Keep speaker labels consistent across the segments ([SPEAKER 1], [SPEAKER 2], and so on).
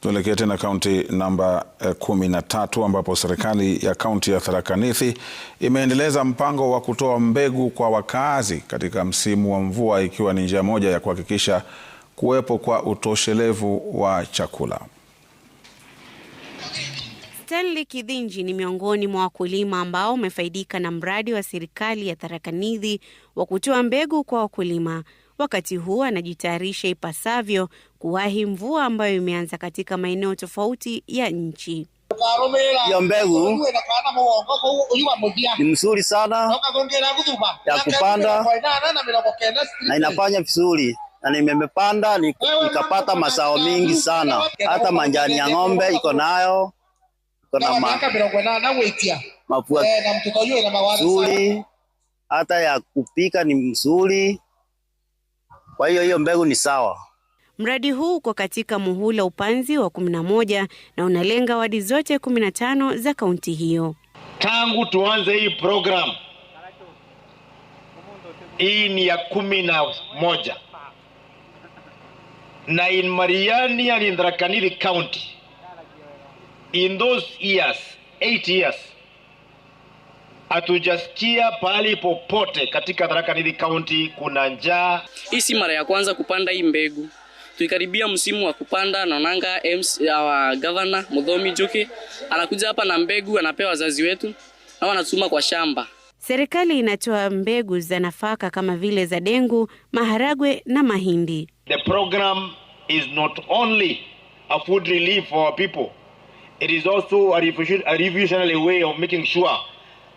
[SPEAKER 1] Tuelekee tena kaunti namba eh, kumi na tatu ambapo serikali ya kaunti ya Tharaka Nithi imeendeleza mpango wa kutoa mbegu kwa wakaazi katika msimu wa mvua ikiwa ni njia moja ya kuhakikisha kuwepo kwa utoshelevu wa chakula.
[SPEAKER 2] Stanley Kidhinji ni miongoni mwa wakulima ambao wamefaidika na mradi wa serikali ya Tharaka Nithi wa kutoa mbegu kwa wakulima wakati huu anajitayarisha ipasavyo kuwahi mvua ambayo imeanza katika maeneo tofauti ya nchi.
[SPEAKER 3] Hiyo mbegu ni mzuri sana ya kupanda na inafanya vizuri na nimepanda nikapata mazao mingi sana, hata manjani ya ng'ombe iko nayo, iko na mafua eh, hata ya kupika ni mzuri. Kwa hiyo hiyo mbegu ni sawa.
[SPEAKER 2] Mradi huu uko katika muhula upanzi wa 11 na unalenga wadi zote 15 za kaunti hiyo.
[SPEAKER 4] Tangu tuanze hii program hii ni ya kumi na moja na in Mariani and in county in those years 8 years hatujasikia pahali popote katika Tharaka Nithi County kuna njaa.
[SPEAKER 5] Hii si mara ya kwanza kupanda hii mbegu, tuikaribia msimu wa kupanda. Naonanga wa gavana Mudhomi Juki anakuja hapa na mbegu, anapewa wazazi wetu na anatuma kwa shamba.
[SPEAKER 2] Serikali inatoa mbegu za nafaka kama vile za dengu, maharagwe na mahindi.
[SPEAKER 6] The program is not only a food relief for our people, it is also a revolutionary way of making sure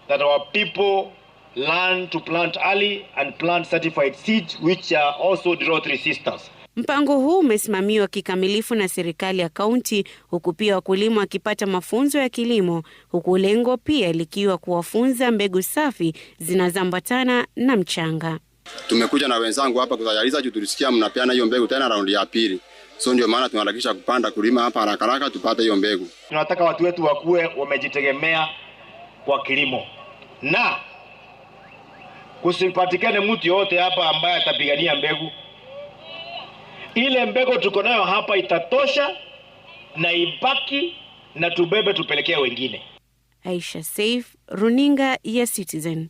[SPEAKER 6] that our people learn to plant early and plant certified seeds which are also drought resistant.
[SPEAKER 2] Mpango huu umesimamiwa kikamilifu na serikali ya kaunti huku pia wakulima wakipata mafunzo ya kilimo huku lengo pia likiwa kuwafunza mbegu safi zinazoambatana na mchanga.
[SPEAKER 7] Tumekuja na wenzangu hapa kutayariza juu tulisikia mnapeana hiyo mbegu tena raundi ya pili. So ndio maana tunaharakisha kupanda kulima hapa haraka haraka tupate hiyo mbegu.
[SPEAKER 8] Tunataka watu wetu wakuwe wamejitegemea kwa kilimo, na kusipatikane mtu yoyote hapa ambaye atapigania mbegu. Ile mbegu tuko nayo hapa itatosha na ibaki na tubebe tupelekee wengine.
[SPEAKER 2] Aisha Saif, Runinga ya Citizen.